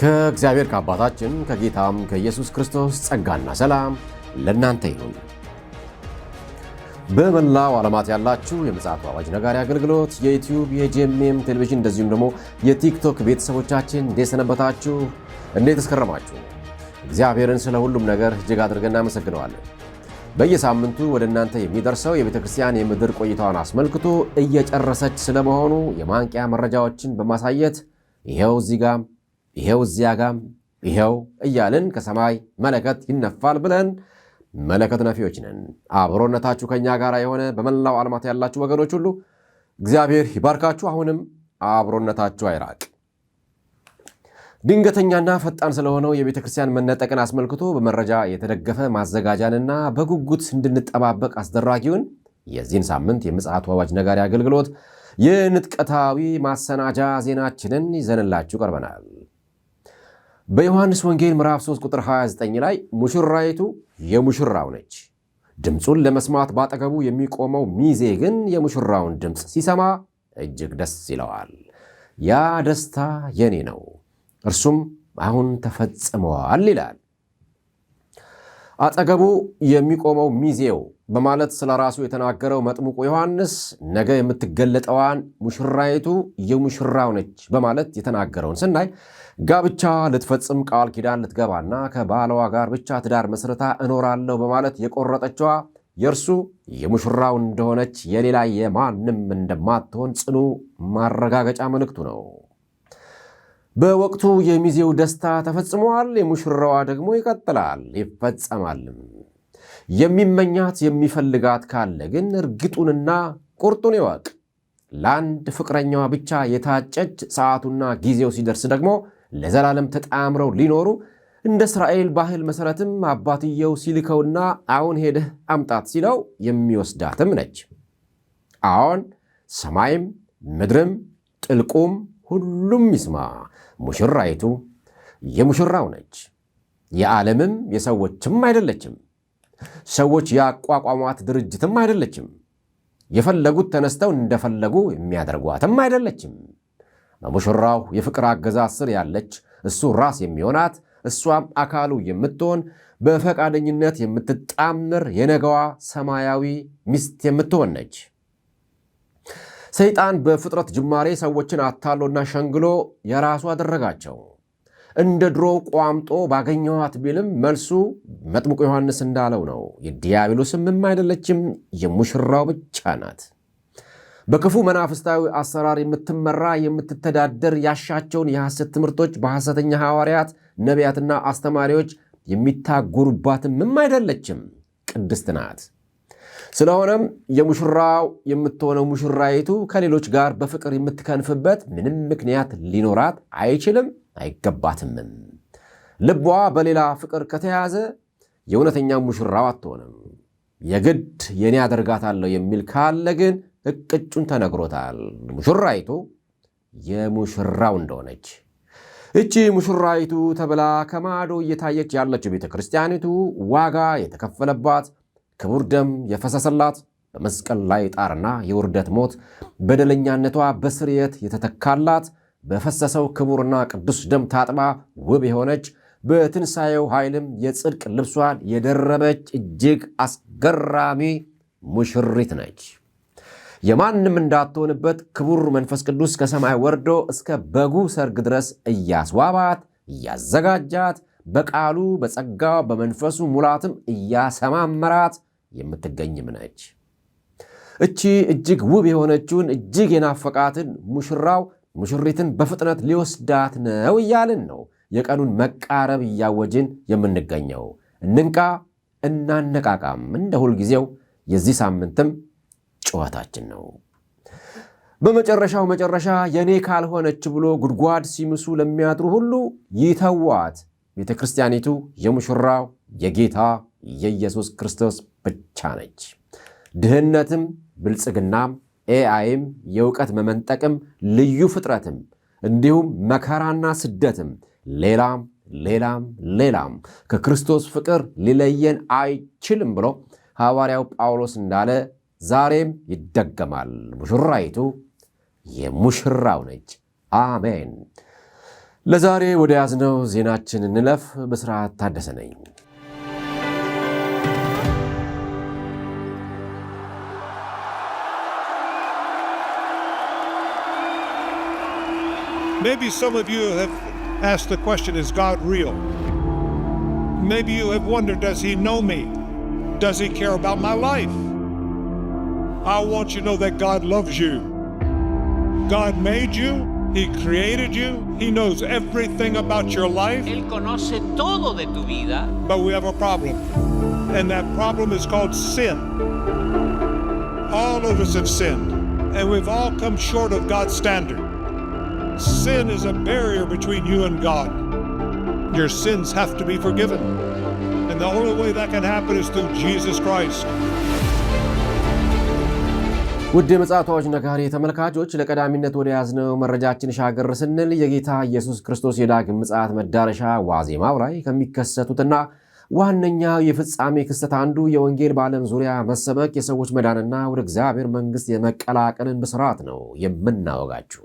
ከእግዚአብሔር ከአባታችን ከጌታም ከኢየሱስ ክርስቶስ ጸጋና ሰላም ለእናንተ ይሁን። በመላው ዓለማት ያላችሁ የምፅዓቱ አዋጅ ነጋሪ አገልግሎት የዩቲዩብ የጄኤምኤም ቴሌቪዥን እንደዚሁም ደግሞ የቲክቶክ ቤተሰቦቻችን እንዴት ሰነበታችሁ? እንዴት እስከረማችሁ? እግዚአብሔርን ስለ ሁሉም ነገር እጅግ አድርገን እናመሰግነዋለን። በየሳምንቱ ወደ እናንተ የሚደርሰው የቤተ ክርስቲያን የምድር ቆይታዋን አስመልክቶ እየጨረሰች ስለመሆኑ የማንቂያ መረጃዎችን በማሳየት ይኸው እዚህ ጋር ይሄው እዚያ ጋም ይሄው እያልን ከሰማይ መለከት ይነፋል ብለን መለከት ነፊዎች ነን። አብሮነታችሁ ከእኛ ጋር የሆነ በመላው ዓለማት ያላችሁ ወገኖች ሁሉ እግዚአብሔር ይባርካችሁ። አሁንም አብሮነታችሁ አይራቅ። ድንገተኛና ፈጣን ስለሆነው የቤተ ክርስቲያን መነጠቅን አስመልክቶ በመረጃ የተደገፈ ማዘጋጃንና በጉጉት እንድንጠባበቅ አስደራጊውን የዚህን ሳምንት የምፅዓቱ አዋጅ ነጋሪ አገልግሎት የንጥቀታዊ ማሰናጃ ዜናችንን ይዘንላችሁ ቀርበናል። በዮሐንስ ወንጌል ምዕራፍ 3 ቁጥር 29 ላይ ሙሽራይቱ የሙሽራው ነች፣ ድምፁን ለመስማት ባጠገቡ የሚቆመው ሚዜ ግን የሙሽራውን ድምፅ ሲሰማ እጅግ ደስ ይለዋል። ያ ደስታ የኔ ነው፣ እርሱም አሁን ተፈጽመዋል ይላል። አጠገቡ የሚቆመው ሚዜው በማለት ስለ ራሱ የተናገረው መጥምቁ ዮሐንስ ነገ የምትገለጠዋን ሙሽራይቱ የሙሽራው ነች በማለት የተናገረውን ስናይ ጋብቻ ልትፈጽም ቃል ኪዳን ልትገባና ከባለዋ ጋር ብቻ ትዳር መስረታ እኖራለሁ በማለት የቆረጠችዋ የእርሱ የሙሽራው እንደሆነች የሌላ የማንም እንደማትሆን ጽኑ ማረጋገጫ መልእክቱ ነው። በወቅቱ የሚዜው ደስታ ተፈጽሟል፣ የሙሽራዋ ደግሞ ይቀጥላል ይፈጸማልም። የሚመኛት የሚፈልጋት ካለ ግን እርግጡንና ቁርጡን ይወቅ። ለአንድ ፍቅረኛዋ ብቻ የታጨች ሰዓቱና ጊዜው ሲደርስ ደግሞ ለዘላለም ተጣምረው ሊኖሩ እንደ እስራኤል ባህል መሠረትም አባትየው ሲልከውና አሁን ሄደህ አምጣት ሲለው የሚወስዳትም ነች። አዎን ሰማይም ምድርም ጥልቁም ሁሉም ይስማ፣ ሙሽራይቱ የሙሽራው ነች። የዓለምም የሰዎችም አይደለችም። ሰዎች ያቋቋሟት ድርጅትም አይደለችም። የፈለጉት ተነስተው እንደፈለጉ የሚያደርጓትም አይደለችም። በሙሽራው የፍቅር አገዛዝ ስር ያለች እሱ ራስ የሚሆናት እሷም አካሉ የምትሆን በፈቃደኝነት የምትጣምር የነገዋ ሰማያዊ ሚስት የምትሆን ነች። ሰይጣን በፍጥረት ጅማሬ ሰዎችን አታሎና ሸንግሎ የራሱ አደረጋቸው። እንደ ድሮ ቋምጦ ባገኘኋት ቢልም መልሱ መጥምቁ ዮሐንስ እንዳለው ነው። የዲያብሎስም አይደለችም፣ የሙሽራው ብቻ ናት። በክፉ መናፍስታዊ አሰራር የምትመራ የምትተዳደር ያሻቸውን የሐሰት ትምህርቶች በሐሰተኛ ሐዋርያት ነቢያትና አስተማሪዎች የሚታጎሩባትም አይደለችም፣ ቅድስት ናት። ስለሆነም የሙሽራው የምትሆነው ሙሽራይቱ ከሌሎች ጋር በፍቅር የምትከንፍበት ምንም ምክንያት ሊኖራት አይችልም፣ አይገባትምም። ልቧ በሌላ ፍቅር ከተያዘ የእውነተኛ ሙሽራው አትሆንም። የግድ የኔ አደርጋታለሁ የሚል ካለ ግን እቅጩን ተነግሮታል። ሙሽራይቱ የሙሽራው እንደሆነች እቺ ሙሽራይቱ ተብላ ከማዶ እየታየች ያለችው ቤተ ክርስቲያኒቱ ዋጋ የተከፈለባት ክቡር ደም የፈሰሰላት በመስቀል ላይ ጣርና የውርደት ሞት በደለኛነቷ በስርየት የተተካላት በፈሰሰው ክቡርና ቅዱስ ደም ታጥባ ውብ የሆነች በትንሣኤው ኃይልም የጽድቅ ልብሷን የደረበች እጅግ አስገራሚ ሙሽሪት ነች። የማንም እንዳትሆንበት ክቡር መንፈስ ቅዱስ ከሰማይ ወርዶ እስከ በጉ ሰርግ ድረስ እያስዋባት እያዘጋጃት በቃሉ በጸጋው በመንፈሱ ሙላትም እያሰማመራት የምትገኝም ነች። እቺ እጅግ ውብ የሆነችውን እጅግ የናፈቃትን ሙሽራው ሙሽሪትን በፍጥነት ሊወስዳት ነው እያልን ነው የቀኑን መቃረብ እያወጅን የምንገኘው። እንንቃ፣ እናነቃቃም። እንደ ሁልጊዜው የዚህ ሳምንትም ጨዋታችን ነው። በመጨረሻው መጨረሻ የኔ ካልሆነች ብሎ ጉድጓድ ሲምሱ ለሚያድሩ ሁሉ ይተዋት። ቤተ ክርስቲያኒቱ የሙሽራው የጌታ የኢየሱስ ክርስቶስ ብቻ ነች። ድህነትም፣ ብልጽግናም፣ ኤአይም፣ የእውቀት መመንጠቅም፣ ልዩ ፍጥረትም፣ እንዲሁም መከራና ስደትም፣ ሌላም ሌላም ሌላም ከክርስቶስ ፍቅር ሊለየን አይችልም ብሎ ሐዋርያው ጳውሎስ እንዳለ ዛሬም ይደገማል። ሙሽራይቱ የሙሽራው ነች። አሜን። ለዛሬ ወደ ያዝነው ዜናችን እንለፍ። በስርዓት ታደሰ ነኝ። Maybe some of you have asked the question, is God real? Maybe you have wondered, does he know me? Does he care about my life? I want you to know that God loves you. God made you. He created you. He knows everything about your life. Él conoce todo de tu vida. But we have a problem. And that problem is called sin. All of us have sinned. And we've all come short of God's standard. Sin is a barrier between you and God. Your sins have to be forgiven. And the only way that can happen is through Jesus Christ. ውድ የምፅዓቱ አዋጅ ነጋሪ ተመልካቾች ለቀዳሚነት ወደ ያዝነው መረጃችን ሻገር ስንል የጌታ ኢየሱስ ክርስቶስ የዳግም ምጽአት መዳረሻ ዋዜማው ላይ ከሚከሰቱትና ዋነኛው የፍጻሜ ክስተት አንዱ የወንጌል በዓለም ዙሪያ መሰበክ፣ የሰዎች መዳንና ወደ እግዚአብሔር መንግሥት የመቀላቀልን ብስራት ነው የምናወጋችሁ።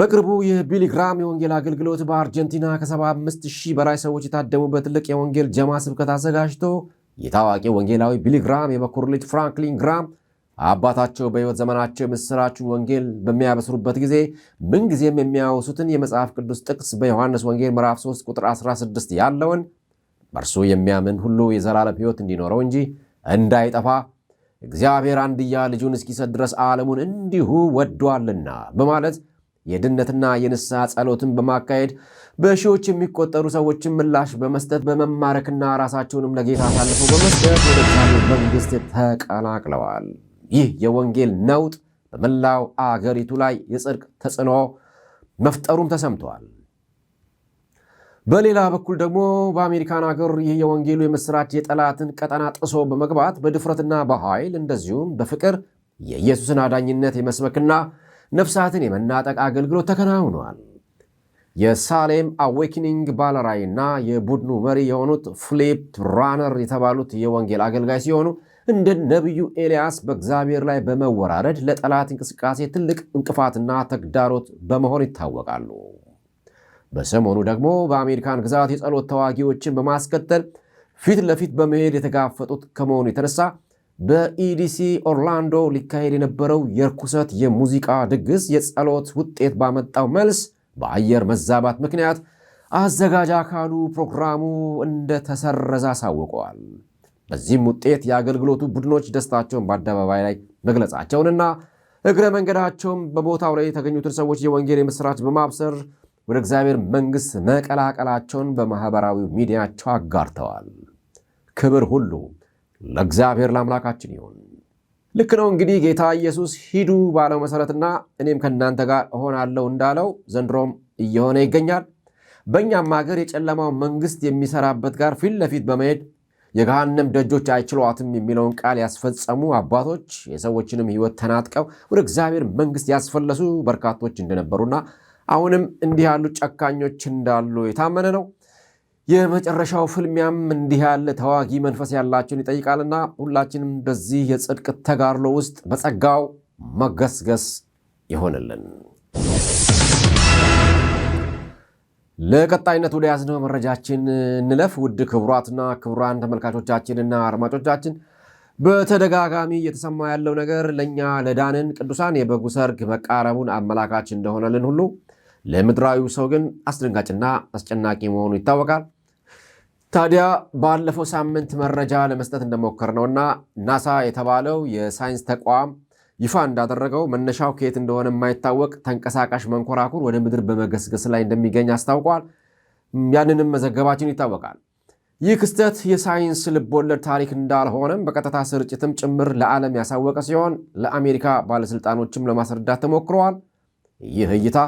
በቅርቡ የቢሊግራም የወንጌል አገልግሎት በአርጀንቲና ከ75 ሺህ በላይ ሰዎች የታደሙበት ትልቅ የወንጌል ጀማ ስብከት አዘጋጅቶ የታዋቂ ወንጌላዊ ቢሊግራም የበኩር ልጅ ፍራንክሊን ግራም አባታቸው በሕይወት ዘመናቸው የምሥራቹን ወንጌል በሚያበስሩበት ጊዜ ምንጊዜም የሚያወሱትን የመጽሐፍ ቅዱስ ጥቅስ በዮሐንስ ወንጌል ምዕራፍ 3 ቁጥር 16 ያለውን በእርሱ የሚያምን ሁሉ የዘላለም ሕይወት እንዲኖረው እንጂ እንዳይጠፋ እግዚአብሔር አንድያ ልጁን እስኪሰጥ ድረስ ዓለሙን እንዲሁ ወዷልና በማለት የድነትና የንስሐ ጸሎትን በማካሄድ በሺዎች የሚቆጠሩ ሰዎችን ምላሽ በመስጠት በመማረክና ራሳቸውንም ለጌታ አሳልፈው በመስጠት ወደ እግዚአብሔር መንግሥት ተቀላቅለዋል። ይህ የወንጌል ነውጥ በመላው አገሪቱ ላይ የጽድቅ ተጽዕኖ መፍጠሩም ተሰምተዋል። በሌላ በኩል ደግሞ በአሜሪካን አገር ይህ የወንጌሉ የምሥራች የጠላትን ቀጠና ጥሶ በመግባት በድፍረትና በኃይል እንደዚሁም በፍቅር የኢየሱስን አዳኝነት የመስበክና ነፍሳትን የመናጠቅ አገልግሎት ተከናውኗል። የሳሌም አዌኪኒንግ ባለራዕይና የቡድኑ መሪ የሆኑት ፍሊፕ ራነር የተባሉት የወንጌል አገልጋይ ሲሆኑ እንደ ነቢዩ ኤልያስ በእግዚአብሔር ላይ በመወራረድ ለጠላት እንቅስቃሴ ትልቅ እንቅፋትና ተግዳሮት በመሆን ይታወቃሉ። በሰሞኑ ደግሞ በአሜሪካን ግዛት የጸሎት ተዋጊዎችን በማስከተል ፊት ለፊት በመሄድ የተጋፈጡት ከመሆኑ የተነሳ በኢዲሲ ኦርላንዶ ሊካሄድ የነበረው የርኩሰት የሙዚቃ ድግስ የጸሎት ውጤት ባመጣው መልስ በአየር መዛባት ምክንያት አዘጋጅ አካሉ ፕሮግራሙ እንደተሰረዘ አሳውቀዋል። በዚህም ውጤት የአገልግሎቱ ቡድኖች ደስታቸውን በአደባባይ ላይ መግለጻቸውንና እግረ መንገዳቸውም በቦታው ላይ የተገኙትን ሰዎች የወንጌል የምስራች በማብሰር ወደ እግዚአብሔር መንግሥት መቀላቀላቸውን በማኅበራዊ ሚዲያቸው አጋርተዋል። ክብር ሁሉ ለእግዚአብሔር ለአምላካችን ይሁን። ልክ ነው እንግዲህ ጌታ ኢየሱስ ሂዱ ባለው መሠረትና እኔም ከእናንተ ጋር እሆናለሁ እንዳለው ዘንድሮም እየሆነ ይገኛል። በእኛም ሀገር የጨለማው መንግሥት የሚሰራበት ጋር ፊት ለፊት በመሄድ የገሃነም ደጆች አይችሏትም የሚለውን ቃል ያስፈጸሙ አባቶች የሰዎችንም ሕይወት ተናጥቀው ወደ እግዚአብሔር መንግሥት ያስፈለሱ በርካቶች እንደነበሩና አሁንም እንዲህ ያሉ ጨካኞች እንዳሉ የታመነ ነው። የመጨረሻው ፍልሚያም እንዲህ ያለ ተዋጊ መንፈስ ያላቸውን ይጠይቃልና ሁላችንም በዚህ የጽድቅ ተጋድሎ ውስጥ በጸጋው መገስገስ ይሆንልን። ለቀጣይነት ወደ ያዝነው መረጃችን እንለፍ። ውድ ክቡራትና ክቡራን ተመልካቾቻችንና አድማጮቻችን በተደጋጋሚ እየተሰማ ያለው ነገር ለእኛ ለዳንን ቅዱሳን የበጉ ሰርግ መቃረቡን አመላካች እንደሆነልን ሁሉ ለምድራዊው ሰው ግን አስደንጋጭና አስጨናቂ መሆኑ ይታወቃል። ታዲያ ባለፈው ሳምንት መረጃ ለመስጠት እንደሞከር ነውና ናሳ የተባለው የሳይንስ ተቋም ይፋ እንዳደረገው መነሻው ከየት እንደሆነ የማይታወቅ ተንቀሳቃሽ መንኮራኩር ወደ ምድር በመገስገስ ላይ እንደሚገኝ አስታውቋል። ያንንም መዘገባችን ይታወቃል። ይህ ክስተት የሳይንስ ልቦለድ ታሪክ እንዳልሆነም በቀጥታ ስርጭትም ጭምር ለዓለም ያሳወቀ ሲሆን ለአሜሪካ ባለሥልጣኖችም ለማስረዳት ተሞክረዋል። ይህ እይታ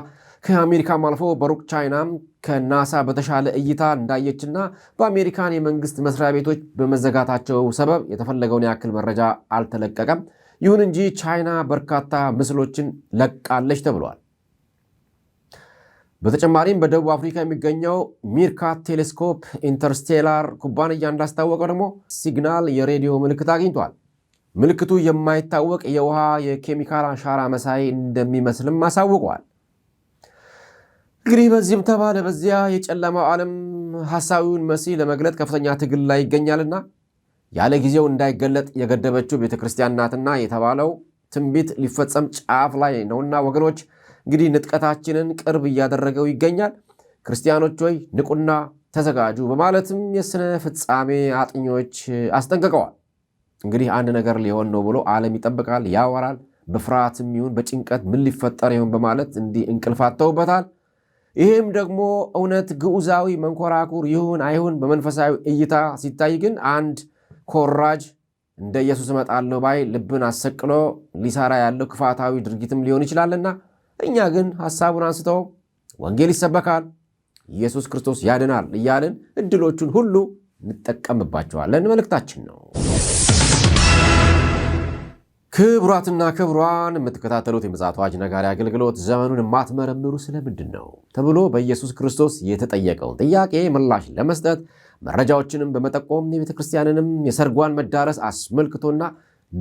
ከአሜሪካም አልፎ በሩቅ ቻይናም ከናሳ በተሻለ እይታ እንዳየችና በአሜሪካን የመንግስት መስሪያ ቤቶች በመዘጋታቸው ሰበብ የተፈለገውን ያክል መረጃ አልተለቀቀም። ይሁን እንጂ ቻይና በርካታ ምስሎችን ለቃለች ተብሏል። በተጨማሪም በደቡብ አፍሪካ የሚገኘው ሚርካት ቴሌስኮፕ ኢንተርስቴላር ኩባንያ እንዳስታወቀው ደግሞ ሲግናል የሬዲዮ ምልክት አግኝቷል። ምልክቱ የማይታወቅ የውሃ የኬሚካል አሻራ መሳይ እንደሚመስልም አሳውቀዋል። እንግዲህ በዚህም ተባለ በዚያ የጨለማው ዓለም ሐሳዊውን መሲህ ለመግለጥ ከፍተኛ ትግል ላይ ይገኛልና ያለ ጊዜው እንዳይገለጥ የገደበችው ቤተ ክርስቲያን ናትና የተባለው ትንቢት ሊፈጸም ጫፍ ላይ ነውና ወገኖች እንግዲህ ንጥቀታችንን ቅርብ እያደረገው ይገኛል። ክርስቲያኖች ሆይ ንቁና ተዘጋጁ በማለትም የስነ ፍጻሜ አጥኞች አስጠንቅቀዋል። እንግዲህ አንድ ነገር ሊሆን ነው ብሎ ዓለም ይጠብቃል፣ ያወራል። በፍርሃትም ይሁን በጭንቀት ምን ሊፈጠር ይሆን በማለት እንዲህ እንቅልፍ ይህም ደግሞ እውነት ግዑዛዊ መንኮራኩር ይሁን አይሁን በመንፈሳዊ እይታ ሲታይ ግን አንድ ኮራጅ እንደ ኢየሱስ እመጣለሁ ባይ ልብን አሰቅሎ ሊሰራ ያለው ክፋታዊ ድርጊትም ሊሆን ይችላልና እኛ ግን ሐሳቡን አንስተው ወንጌል ይሰበካል፣ ኢየሱስ ክርስቶስ ያድናል እያልን እድሎቹን ሁሉ እንጠቀምባቸዋለን መልእክታችን ነው። ክቡራትና ክቡራን የምትከታተሉት የምፅዓቱ አዋጅ ነጋሪ አገልግሎት ዘመኑን የማትመረምሩ ስለምንድን ነው ተብሎ በኢየሱስ ክርስቶስ የተጠየቀውን ጥያቄ ምላሽ ለመስጠት መረጃዎችንም በመጠቆም የቤተ ክርስቲያንንም የሰርጓን መዳረስ አስመልክቶና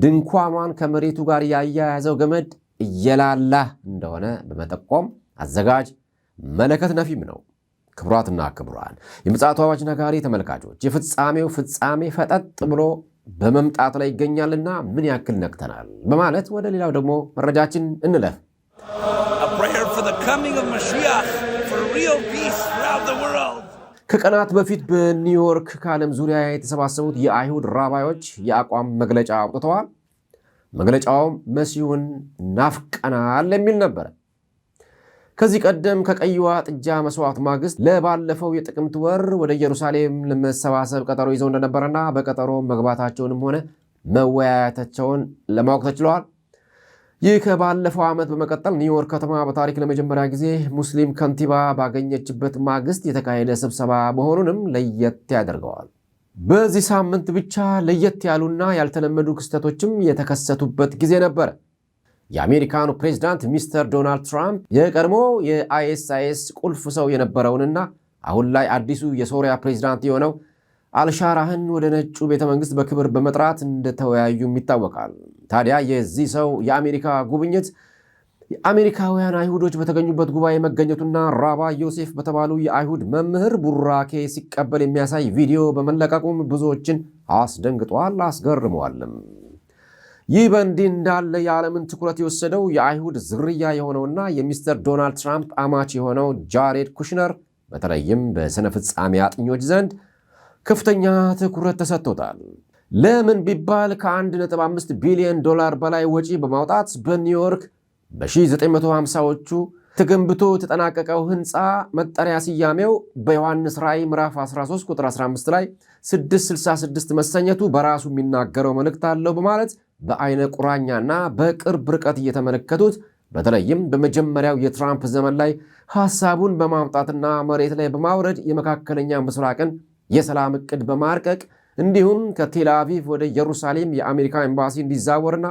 ድንኳኗን ከመሬቱ ጋር ያያያዘው ገመድ እየላላ እንደሆነ በመጠቆም አዘጋጅ መለከት ነፊም ነው። ክቡራትና ክቡራን የምፅዓቱ አዋጅ ነጋሪ ተመልካቾች የፍጻሜው ፍጻሜ ፈጠጥ ብሎ በመምጣት ላይ ይገኛልና ምን ያክል ነቅተናል? በማለት ወደ ሌላው ደግሞ መረጃችን እንለፍ። ከቀናት በፊት በኒውዮርክ ከዓለም ዙሪያ የተሰባሰቡት የአይሁድ ራባዮች የአቋም መግለጫ አውጥተዋል። መግለጫውም መሲሁን ናፍቀናል የሚል ነበረ። ከዚህ ቀደም ከቀይዋ ጥጃ መስዋዕት ማግስት ለባለፈው የጥቅምት ወር ወደ ኢየሩሳሌም ለመሰባሰብ ቀጠሮ ይዘው እንደነበረና በቀጠሮ መግባታቸውንም ሆነ መወያየታቸውን ለማወቅ ተችለዋል። ይህ ከባለፈው ዓመት በመቀጠል ኒውዮርክ ከተማ በታሪክ ለመጀመሪያ ጊዜ ሙስሊም ከንቲባ ባገኘችበት ማግስት የተካሄደ ስብሰባ መሆኑንም ለየት ያደርገዋል። በዚህ ሳምንት ብቻ ለየት ያሉና ያልተለመዱ ክስተቶችም የተከሰቱበት ጊዜ ነበር። የአሜሪካኑ ፕሬዚዳንት ሚስተር ዶናልድ ትራምፕ የቀድሞ የአይኤስአይኤስ ቁልፍ ሰው የነበረውንና አሁን ላይ አዲሱ የሶሪያ ፕሬዚዳንት የሆነው አልሻራህን ወደ ነጩ ቤተ በክብር በመጥራት እንደተወያዩም ይታወቃል። ታዲያ የዚህ ሰው የአሜሪካ ጉብኝት አሜሪካውያን አይሁዶች በተገኙበት ጉባኤ መገኘቱና ራባ ዮሴፍ በተባሉ የአይሁድ መምህር ቡራኬ ሲቀበል የሚያሳይ ቪዲዮ በመለቀቁም ብዙዎችን አስደንግጧል፣ አስገርመዋልም። ይህ በእንዲህ እንዳለ የዓለምን ትኩረት የወሰደው የአይሁድ ዝርያ የሆነውና የሚስተር ዶናልድ ትራምፕ አማች የሆነው ጃሬድ ኩሽነር በተለይም በሥነ ፍጻሜ አጥኞች ዘንድ ከፍተኛ ትኩረት ተሰጥቶታል። ለምን ቢባል ከ1.5 ቢሊዮን ዶላር በላይ ወጪ በማውጣት በኒውዮርክ በ1950ዎቹ ተገንብቶ የተጠናቀቀው ህንፃ መጠሪያ ስያሜው በዮሐንስ ራእይ ምዕራፍ 13 ቁጥር 15 ላይ 666 መሰኘቱ በራሱ የሚናገረው መልእክት አለው በማለት በአይነ ቁራኛና በቅርብ ርቀት እየተመለከቱት በተለይም በመጀመሪያው የትራምፕ ዘመን ላይ ሐሳቡን በማምጣትና መሬት ላይ በማውረድ የመካከለኛ ምስራቅን የሰላም ዕቅድ በማርቀቅ እንዲሁም ከቴልአቪቭ ወደ ኢየሩሳሌም የአሜሪካ ኤምባሲ እንዲዛወርና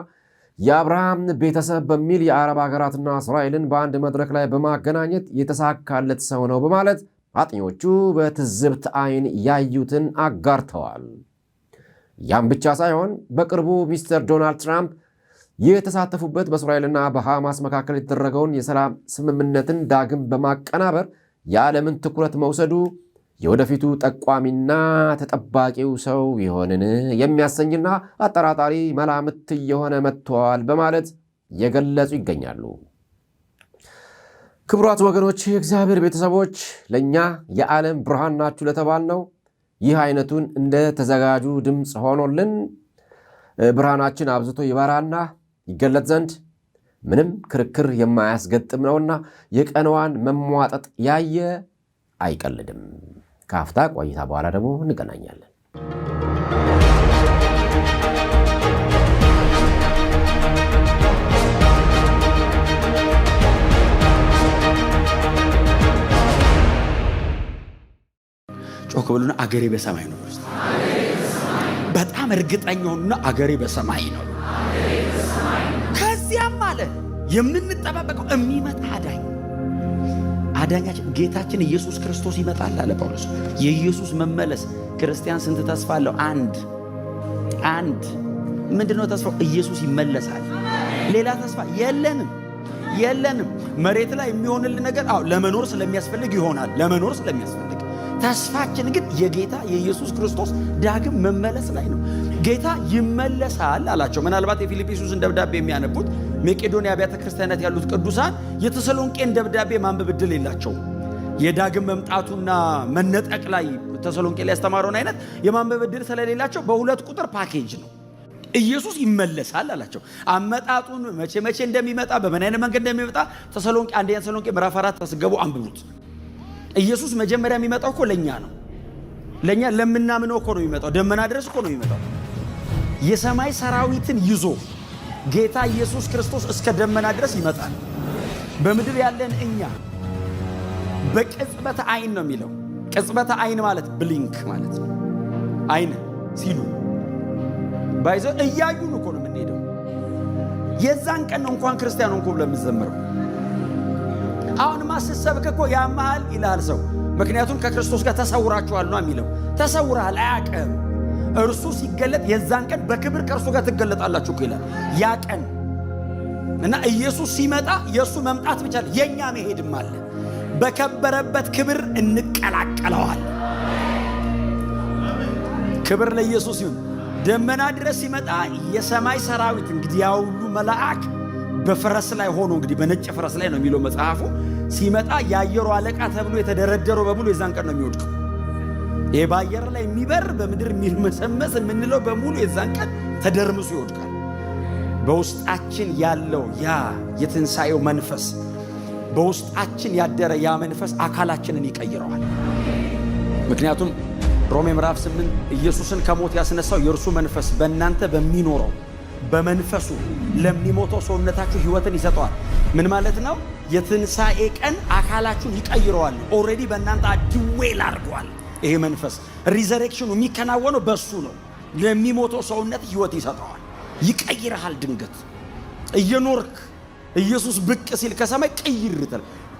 የአብርሃም ቤተሰብ በሚል የአረብ ሀገራትና እስራኤልን በአንድ መድረክ ላይ በማገናኘት የተሳካለት ሰው ነው በማለት አጥኚዎቹ በትዝብት አይን ያዩትን አጋርተዋል። ያም ብቻ ሳይሆን በቅርቡ ሚስተር ዶናልድ ትራምፕ የተሳተፉበት በእስራኤልና በሐማስ መካከል የተደረገውን የሰላም ስምምነትን ዳግም በማቀናበር የዓለምን ትኩረት መውሰዱ የወደፊቱ ጠቋሚና ተጠባቂው ሰው ይሆንን የሚያሰኝና አጠራጣሪ መላምት እየሆነ መጥተዋል በማለት እየገለጹ ይገኛሉ። ክቡራት ወገኖች፣ የእግዚአብሔር ቤተሰቦች ለእኛ የዓለም ብርሃን ናችሁ ለተባልነው ይህ አይነቱን እንደ ተዘጋጁ ድምፅ ሆኖልን ብርሃናችን አብዝቶ ይበራና ይገለጥ ዘንድ ምንም ክርክር የማያስገጥም ነውና የቀንዋን መሟጠጥ ያየ አይቀልድም። ከአፍታ ቆይታ በኋላ ደግሞ እንገናኛለን። ጮክ አገሬ በሰማይ ነው። በጣም እርግጠኛውና አገሬ በሰማይ ነው። ከዚያም አለ የምንጠባበቀው የሚመጣ አዳኝ አዳኛችን ጌታችን ኢየሱስ ክርስቶስ ይመጣል አለ ጳውሎስ። የኢየሱስ መመለስ ክርስቲያን ስንት ተስፋ አለው? አንድ አንድ ምንድነው ተስፋው? ኢየሱስ ይመለሳል። ሌላ ተስፋ የለንም የለንም። መሬት ላይ የሚሆንልን ነገር አዎ ለመኖር ስለሚያስፈልግ ይሆናል፣ ለመኖር ስለሚያስፈልግ ተስፋችን ግን የጌታ የኢየሱስ ክርስቶስ ዳግም መመለስ ላይ ነው። ጌታ ይመለሳል አላቸው። ምናልባት የፊልጵስዩስን ደብዳቤ የሚያነቡት መቄዶንያ አብያተ ክርስቲያናት ያሉት ቅዱሳን የተሰሎንቄን ደብዳቤ ማንበብ እድል የላቸው። የዳግም መምጣቱና መነጠቅ ላይ ተሰሎንቄ ላይ ያስተማረውን አይነት የማንበብ እድል ስለሌላቸው በሁለት ቁጥር ፓኬጅ ነው። ኢየሱስ ይመለሳል አላቸው። አመጣጡን መቼ መቼ እንደሚመጣ በምን አይነት መንገድ እንደሚመጣ ተሰሎንቄ አንደኛ ተሰሎንቄ ምዕራፍ አራት ተስገቡ አንብቡት። ኢየሱስ መጀመሪያ የሚመጣው እኮ ለእኛ ነው። ለእኛ ለምናምነው እኮ ነው የሚመጣው። ደመና ድረስ እኮ ነው የሚመጣው። የሰማይ ሰራዊትን ይዞ ጌታ ኢየሱስ ክርስቶስ እስከ ደመና ድረስ ይመጣል። በምድር ያለን እኛ በቅጽበተ አይን ነው የሚለው። ቅጽበተ አይን ማለት ብሊንክ ማለት ነው። አይን ሲሉ ባይዘ እያዩን እኮ ነው የምንሄደው። የዛን ቀን ነው እንኳን ክርስቲያን እንኮ ብለህ የምትዘምረው። አሁን ስትሰብክ እኮ ያመሃል ይልሃል ሰው። ምክንያቱም ከክርስቶስ ጋር ተሰውራችኋል ነው የሚለው። ተሰውረሃል፣ አያውቅም እርሱ ሲገለጥ የዛን ቀን በክብር ከእርሱ ጋር ትገለጣላችሁ እኮ ይላል። ያ ቀን እና ኢየሱስ ሲመጣ የእሱ መምጣት ብቻ የእኛ መሄድም አለ። በከበረበት ክብር እንቀላቀለዋል። ክብር ለኢየሱስ ይሁን። ደመና ድረስ ሲመጣ የሰማይ ሰራዊት እንግዲህ ያ ሁሉ መልአክ በፈረስ ላይ ሆኖ እንግዲህ በነጭ ፈረስ ላይ ነው የሚለው መጽሐፉ ሲመጣ የአየሩ አለቃ ተብሎ የተደረደረው በሙሉ የዛን ቀን ነው የሚወድቀው። ይህ በአየር ላይ የሚበር በምድር የሚርመሰመስ የምንለው በሙሉ የዛን ቀን ተደርምሶ ይወድቃል። በውስጣችን ያለው ያ የትንሣኤው መንፈስ በውስጣችን ያደረ ያ መንፈስ አካላችንን ይቀይረዋል። ምክንያቱም ሮሜ ምዕራፍ 8 ኢየሱስን ከሞት ያስነሳው የእርሱ መንፈስ በእናንተ በሚኖረው በመንፈሱ ለሚሞተው ሰውነታችሁ ሕይወትን ይሰጠዋል። ምን ማለት ነው? የትንሣኤ ቀን አካላችሁን ይቀይረዋል። ኦልሬዲ በእናንተ አድዌል አድርገዋል። ይሄ መንፈስ ሪዘሬክሽኑ የሚከናወነው በሱ ነው። ለሚሞተው ሰውነት ህይወት ይሰጠዋል፣ ይቀይርሃል። ድንገት እየኖርክ ኢየሱስ ብቅ ሲል ከሰማይ ቀይር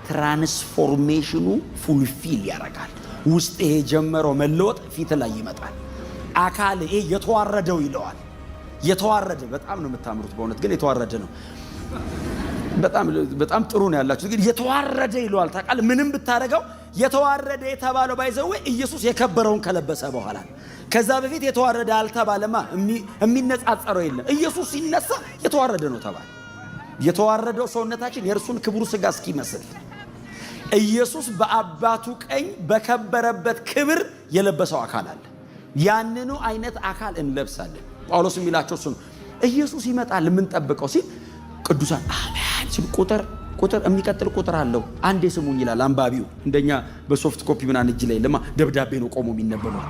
ትራንስፎርሜሽኑ ፉልፊል ያደርጋል። ውስጥ ይሄ የጀመረው መለወጥ ፊት ላይ ይመጣል። አካል ይሄ የተዋረደው ይለዋል። የተዋረደ በጣም ነው የምታምሩት። በእውነት ግን የተዋረደ ነው። በጣም ጥሩ ነው ያላችሁ። ግን የተዋረደ ይለዋል። ታውቃለህ፣ ምንም ብታደርገው የተዋረደ የተባለው ባይዘው ኢየሱስ የከበረውን ከለበሰ በኋላ ከዛ በፊት የተዋረደ አልተባለማ። የሚነጻጸረው የለም። ኢየሱስ ሲነሳ የተዋረደ ነው ተባለ። የተዋረደው ሰውነታችን የእርሱን ክቡር ስጋ እስኪመስል ኢየሱስ በአባቱ ቀኝ በከበረበት ክብር የለበሰው አካል አለ። ያንኑ አይነት አካል እንለብሳለን። ጳውሎስ የሚላቸው እሱ ነው። ኢየሱስ ይመጣል የምንጠብቀው ሲል ቅዱሳን አሜን ሲሉ ቁጥር ቁጥር የሚቀጥል ቁጥር አለው። አንዴ ስሙኝ ይላል አንባቢው። እንደኛ በሶፍት ኮፒ ምናን እጅ ላይ ለማ ደብዳቤ ነው ቆሞ የሚነበበው።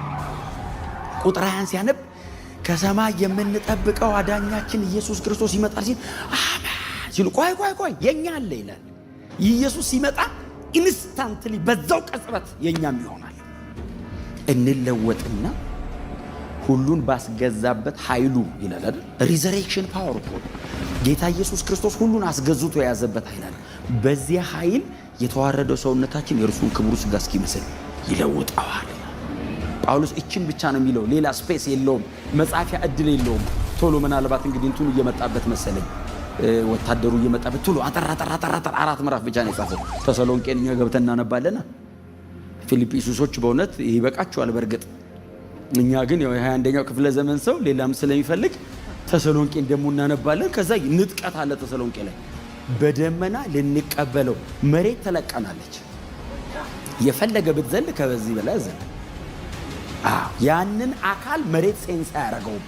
ቁጥር ሀያን ሲያነብ ከሰማይ የምንጠብቀው አዳኛችን ኢየሱስ ክርስቶስ ይመጣል ሲል አሜን ሲሉ ቆይ ቆይ ቆይ የኛ አለ ይላል። ኢየሱስ ሲመጣ ኢንስታንትሊ በዛው ቀጽበት የኛም ይሆናል እንለወጥና ሁሉን ባስገዛበት ኃይሉ ይላል ሪዘሬክሽን ፓወር እኮ ጌታ ኢየሱስ ክርስቶስ ሁሉን አስገዝቶ የያዘበት ኃይል በዚያ ኃይል የተዋረደው ሰውነታችን የእርሱን ክብሩ ስጋ እስኪመስል ይለውጠዋል። ጳውሎስ እችን ብቻ ነው የሚለው፣ ሌላ ስፔስ የለውም፣ መጻፊያ እድል የለውም። ቶሎ ምናልባት እንግዲህ እንትኑ እየመጣበት መሰለኝ ወታደሩ እየመጣበት ቶሎ አጠር አራት ምዕራፍ ብቻ ነው የጻፈው። ተሰሎንቄን እኛ ገብተን እናነባለና ፊልጵስዩሶች በእውነት ይበቃችኋል በእርግጥ እኛ ግን የሀያ አንደኛው ክፍለ ዘመን ሰው ሌላም ስለሚፈልግ ተሰሎንቄን ደግሞ እናነባለን። ከዛ ንጥቀት አለ ተሰሎንቄ ላይ በደመና ልንቀበለው መሬት ተለቀናለች። የፈለገ ብትዘል ከበዚህ በላይ ዘል ያንን አካል መሬት ሴንስ አያደርገውም።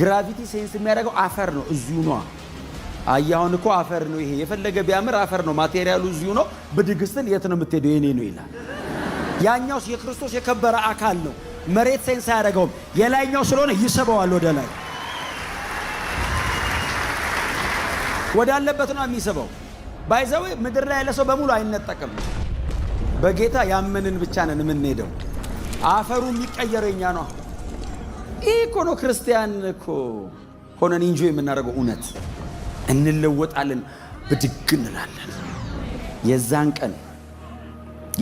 ግራቪቲ ሴንስ የሚያደርገው አፈር ነው። እዚሁ ነዋ። አያሁን እኮ አፈር ነው። ይሄ የፈለገ ቢያምር አፈር ነው። ማቴሪያሉ እዚሁ ነው። ብድግስትን የት ነው የምትሄደው? የኔ ነው ይላል። ያኛውስ የክርስቶስ የከበረ አካል ነው። መሬት ሴንስ አያደርገውም። የላይኛው ስለሆነ ይስበዋል ወደ ላይ ወዳለበት ነው የሚስበው። ባይዘው ምድር ላይ ያለ ሰው በሙሉ አይነጠቅም። በጌታ ያመንን ብቻ ነን የምንሄደው። አፈሩ የሚቀየረው እኛ ነው። ይህ እኮ ነው ክርስቲያን እኮ ሆነን ኢንጆይ የምናደርገው። እውነት እንለወጣለን፣ ብድግ እንላለን። የዛን ቀን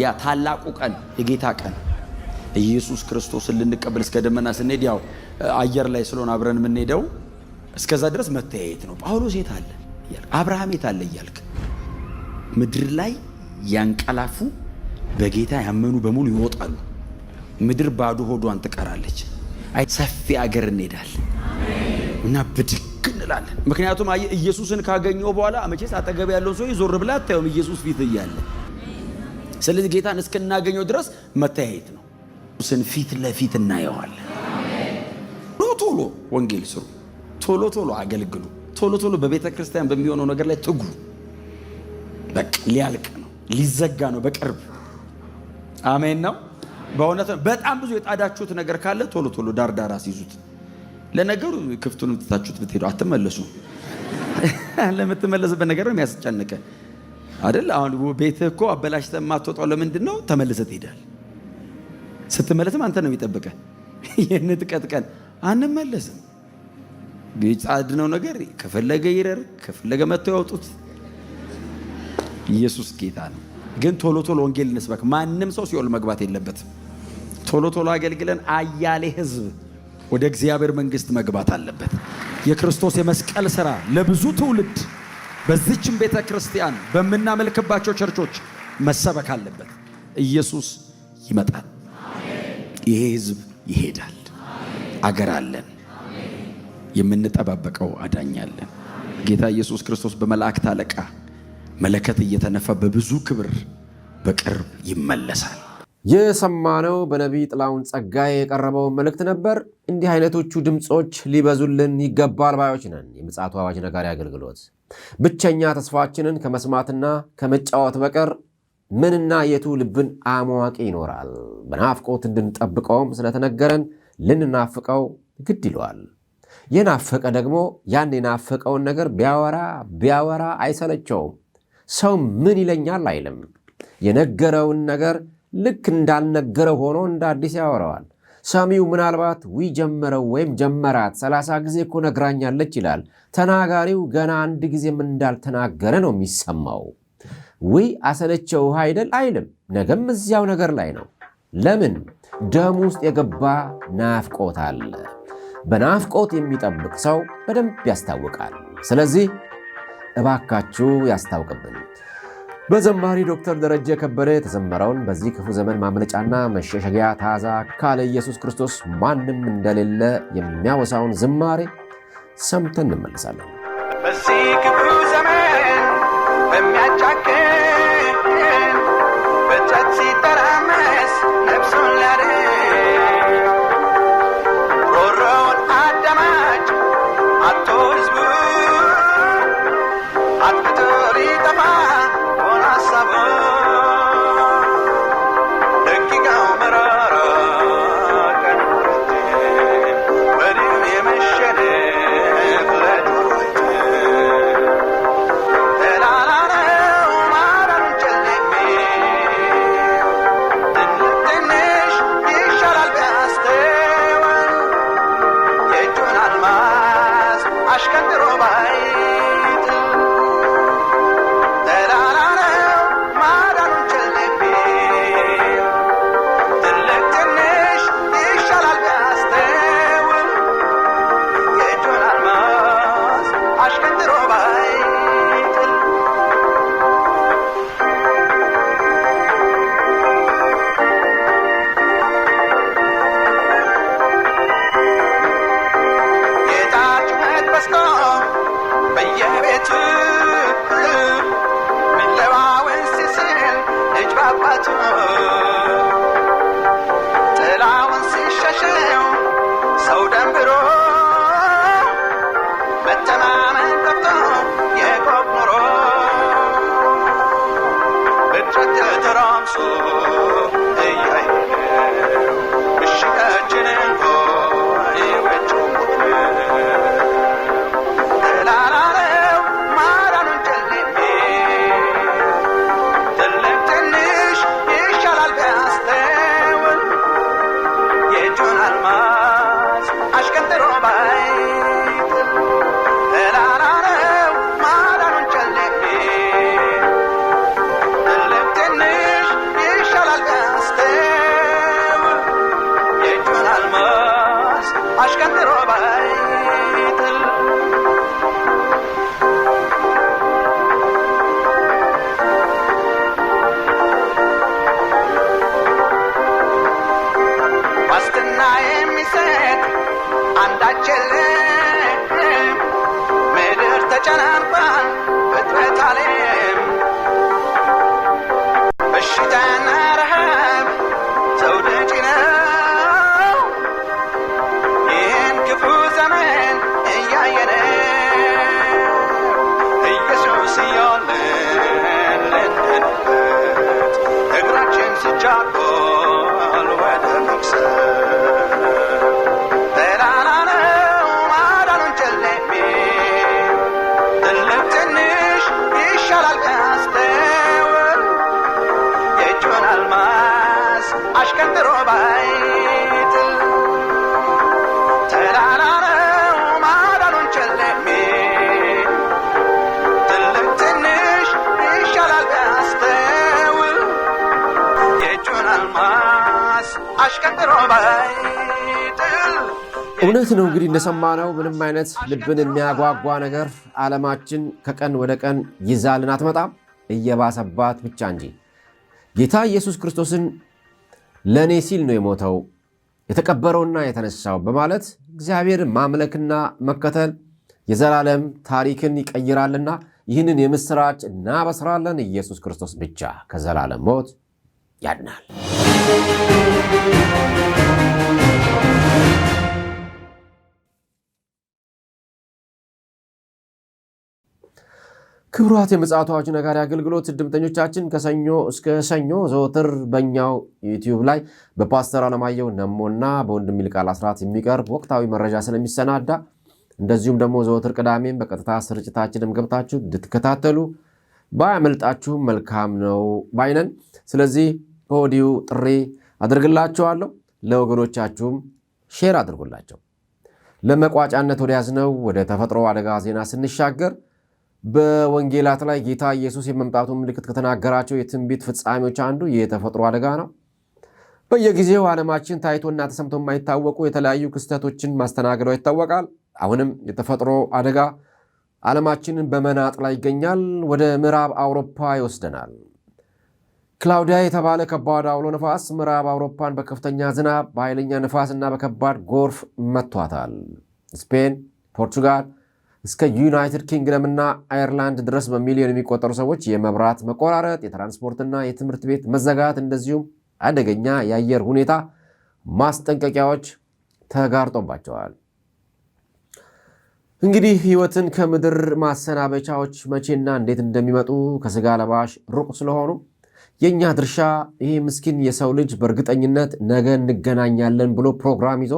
ያ ታላቁ ቀን የጌታ ቀን ኢየሱስ ክርስቶስን ልንቀበል እስከ ደመና ስንሄድ ያው አየር ላይ ስለሆነ አብረን የምንሄደው እስከዛ ድረስ መተያየት ነው። ጳውሎስ የት አለ እያልክ አብርሃም የት አለ እያልክ ምድር ላይ ያንቀላፉ በጌታ ያመኑ በሙሉ ይወጣሉ። ምድር ባዶ ሆዷን ትቀራለች። አይ ሰፊ አገር እንሄዳለን እና ብድግ እንላለን። ምክንያቱም ኢየሱስን ካገኘው በኋላ መቼስ አጠገብ ያለውን ሰው ዞር ብላ አታየውም፣ ኢየሱስ ፊት እያለ። ስለዚህ ጌታን እስክናገኘው ድረስ መተያየት ነው። ቅዱስን ፊት ለፊት እናየዋል። ቶሎ ቶሎ ወንጌል ስሩ፣ ቶሎ ቶሎ አገልግሉ፣ ቶሎ ቶሎ በቤተ ክርስቲያን በሚሆነው ነገር ላይ ትጉ። በቃ ሊያልቅ ነው፣ ሊዘጋ ነው በቅርብ። አሜን ነው። በእውነት በጣም ብዙ የጣዳችሁት ነገር ካለ ቶሎ ቶሎ ዳር ዳር አስይዙት። ለነገሩ ክፍቱንም ትታችሁት ብትሄዱ አትመለሱ። ለምትመለስበት ነገር ነው የሚያስጨንቀ አይደል? አሁን ቤትህ እኮ አበላሽተህ የማትወጣው ለምንድን ነው? ተመልሰህ ትሄዳለህ። ስትመለስም አንተ ነው የሚጠብቀ የንጥቀት ቀን አንመለስም። ነው ነገር ከፈለገ ይረር፣ ከፈለገ መጥተው ያውጡት። ኢየሱስ ጌታ ነው። ግን ቶሎ ቶሎ ወንጌል እንስበክ። ማንም ሰው ሲኦል መግባት የለበትም። ቶሎ ቶሎ አገልግለን አያሌ ህዝብ ወደ እግዚአብሔር መንግስት መግባት አለበት። የክርስቶስ የመስቀል ስራ ለብዙ ትውልድ በዚችም ቤተ ክርስቲያን በምናመልክባቸው ቸርቾች መሰበክ አለበት። ኢየሱስ ይመጣል። ይሄ ህዝብ ይሄዳል። አገር አለን። የምንጠባበቀው አዳኝ አለን። ጌታ ኢየሱስ ክርስቶስ በመላእክት አለቃ መለከት እየተነፋ በብዙ ክብር በቅርብ ይመለሳል። የሰማነው በነቢይ ጥላሁን ጸጋዬ የቀረበው መልእክት ነበር። እንዲህ አይነቶቹ ድምፆች ሊበዙልን ይገባል ባዮች ነን። የምፅዓቱ አዋጅ ነጋሪ አገልግሎት ብቸኛ ተስፋችንን ከመስማትና ከመጫወት በቀር ምንና የቱ ልብን አሟቂ ይኖራል። በናፍቆት እንድንጠብቀውም ስለተነገረን ልንናፍቀው ግድ ይለዋል። የናፈቀ ደግሞ ያን የናፈቀውን ነገር ቢያወራ ቢያወራ አይሰለቸውም። ሰው ምን ይለኛል አይልም። የነገረውን ነገር ልክ እንዳልነገረው ሆኖ እንደ አዲስ ያወራዋል። ሰሚው ምናልባት ዊ ጀመረው ወይም ጀመራት ሰላሳ ጊዜ እኮ ነግራኛለች ይላል። ተናጋሪው ገና አንድ ጊዜም እንዳልተናገረ ነው የሚሰማው። ውይ አሰለቸው ውሃ አይደል አይልም። ነገም እዚያው ነገር ላይ ነው። ለምን? ደም ውስጥ የገባ ናፍቆት አለ። በናፍቆት የሚጠብቅ ሰው በደንብ ያስታውቃል። ስለዚህ እባካችሁ ያስታውቅብን። በዘማሪ ዶክተር ደረጀ ከበደ የተዘመረውን በዚህ ክፉ ዘመን ማምለጫና መሸሸጊያ ታዛ ካለ ኢየሱስ ክርስቶስ ማንም እንደሌለ የሚያወሳውን ዝማሬ ሰምተን እንመለሳለን። በዚህ ክፉ ዘመን በሚያጫ Go እውነት ነው እንግዲህ እንደሰማነው ምንም አይነት ልብን የሚያጓጓ ነገር ዓለማችን ከቀን ወደ ቀን ይዛልን አትመጣም፣ እየባሰባት ብቻ እንጂ። ጌታ ኢየሱስ ክርስቶስን ለእኔ ሲል ነው የሞተው የተቀበረውና የተነሳው በማለት እግዚአብሔር ማምለክና መከተል የዘላለም ታሪክን ይቀይራልና ይህንን የምስራች እናበስራለን። ኢየሱስ ክርስቶስ ብቻ ከዘላለም ሞት ያድናል። ክብሯት የምፅዓቱ አዋጅ ነጋሪ አገልግሎት ድምጠኞቻችን ከሰኞ እስከ ሰኞ ዘወትር በእኛው ዩቲዩብ ላይ በፓስተር አለማየሁ ነሞና በወንድም ይልቃል አስራት የሚቀርብ ወቅታዊ መረጃ ስለሚሰናዳ እንደዚሁም ደግሞ ዘወትር ቅዳሜም በቀጥታ ስርጭታችንም ገብታችሁ እንድትከታተሉ ባያመልጣችሁም መልካም ነው ባይነን። ስለዚህ ከወዲሁ ጥሬ አድርግላችኋለሁ። ለወገኖቻችሁም ሼር አድርጉላቸው። ለመቋጫነት ወደ ያዝነው ወደ ተፈጥሮ አደጋ ዜና ስንሻገር በወንጌላት ላይ ጌታ ኢየሱስ የመምጣቱን ምልክት ከተናገራቸው የትንቢት ፍጻሜዎች አንዱ የተፈጥሮ አደጋ ነው። በየጊዜው ዓለማችን ታይቶና ተሰምቶ የማይታወቁ የተለያዩ ክስተቶችን ማስተናገዷ ይታወቃል። አሁንም የተፈጥሮ አደጋ ዓለማችንን በመናጥ ላይ ይገኛል። ወደ ምዕራብ አውሮፓ ይወስደናል። ክላውዲያ የተባለ ከባድ አውሎ ነፋስ ምዕራብ አውሮፓን በከፍተኛ ዝናብ፣ በኃይለኛ ነፋስ እና በከባድ ጎርፍ መቷታል። ስፔን፣ ፖርቱጋል እስከ ዩናይትድ ኪንግደም እና አየርላንድ ድረስ በሚሊዮን የሚቆጠሩ ሰዎች የመብራት መቆራረጥ፣ የትራንስፖርትና የትምህርት ቤት መዘጋት እንደዚሁም አደገኛ የአየር ሁኔታ ማስጠንቀቂያዎች ተጋርጦባቸዋል። እንግዲህ ሕይወትን ከምድር ማሰናበቻዎች መቼና እንዴት እንደሚመጡ ከስጋ ለባሽ ሩቅ ስለሆኑ የእኛ ድርሻ ይሄ ምስኪን የሰው ልጅ በእርግጠኝነት ነገ እንገናኛለን ብሎ ፕሮግራም ይዞ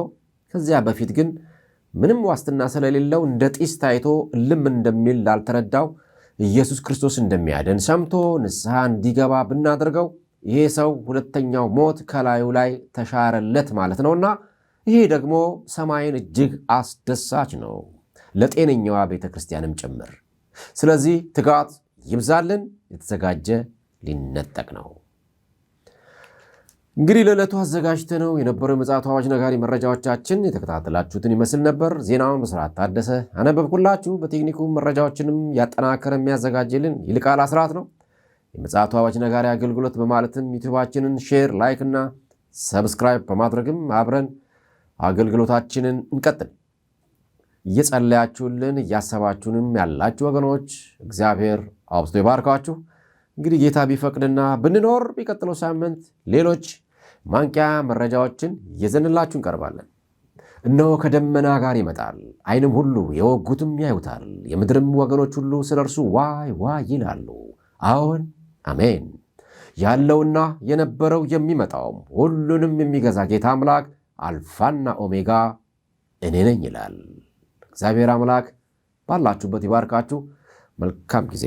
ከዚያ በፊት ግን ምንም ዋስትና ስለሌለው እንደ ጢስ ታይቶ እልም እንደሚል ላልተረዳው ኢየሱስ ክርስቶስ እንደሚያድን ሰምቶ ንስሐ እንዲገባ ብናደርገው ይሄ ሰው ሁለተኛው ሞት ከላዩ ላይ ተሻረለት ማለት ነውና ይሄ ደግሞ ሰማይን እጅግ አስደሳች ነው፣ ለጤነኛዋ ቤተ ክርስቲያንም ጭምር። ስለዚህ ትጋት ይብዛልን። የተዘጋጀ ሊነጠቅ ነው። እንግዲህ ለዕለቱ ነው የነበረው የምፅዓቱ አዋጅ ነጋሪ መረጃዎቻችን የተከታተላችሁትን ይመስል ነበር። ዜናውን በስርዓት ታደሰ አነበብኩላችሁ። በቴክኒኩ መረጃዎችንም ያጠናከረ የሚያዘጋጅልን ይልቃል አስራት ነው። የምፅዓቱ አዋጅ ነጋሪ አገልግሎት በማለትም ዩቲዩባችንን ሼር፣ ላይክ እና ሰብስክራይብ በማድረግም አብረን አገልግሎታችንን እንቀጥል። እየጸለያችሁልን እያሰባችሁንም ያላችሁ ወገኖች እግዚአብሔር አብዝቶ ይባርካችሁ። እንግዲህ ጌታ ቢፈቅድና ብንኖር የሚቀጥለው ሳምንት ሌሎች ማንቂያ መረጃዎችን እየዘንላችሁ እንቀርባለን። እነሆ ከደመና ጋር ይመጣል፣ ዓይንም ሁሉ የወጉትም ያዩታል፣ የምድርም ወገኖች ሁሉ ስለ እርሱ ዋይ ዋይ ይላሉ። አዎን አሜን። ያለውና የነበረው የሚመጣውም ሁሉንም የሚገዛ ጌታ አምላክ አልፋና ኦሜጋ እኔ ነኝ ይላል። እግዚአብሔር አምላክ ባላችሁበት ይባርካችሁ። መልካም ጊዜ